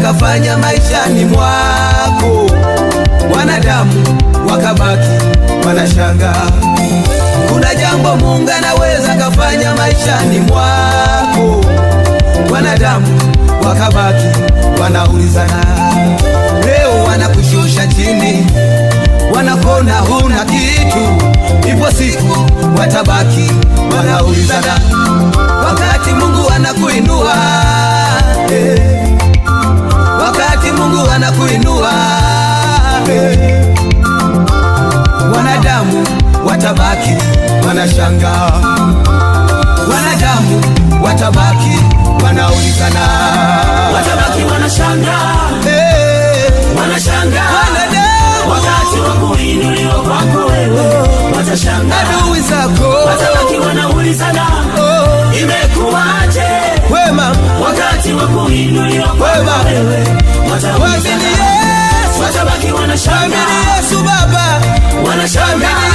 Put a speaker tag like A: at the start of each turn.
A: yakafanya maishani mwako, wanadamu wakabaki wanashanga Kuna jambo Mungu anaweza kafanya maishani mwako, wanadamu wakabaki wanaulizana. Leo wanakushusha chini, wanakona huna kitu, ipo siku watabaki wanaulizana. watabaki wanashanga, wanadamu watabaki wanaulizana,
B: watabaki wanashanga hey, wanashanga
A: wanadamu,
B: wakati wa kuinuliwa kwako wewe watashanga,
A: adui zako
B: watabaki wanaulizana, oh, imekuwaje wema, wakati wa kuinuliwa kwako wewe watabaki wanashangaa,
A: Yesu Baba
B: wanashangaa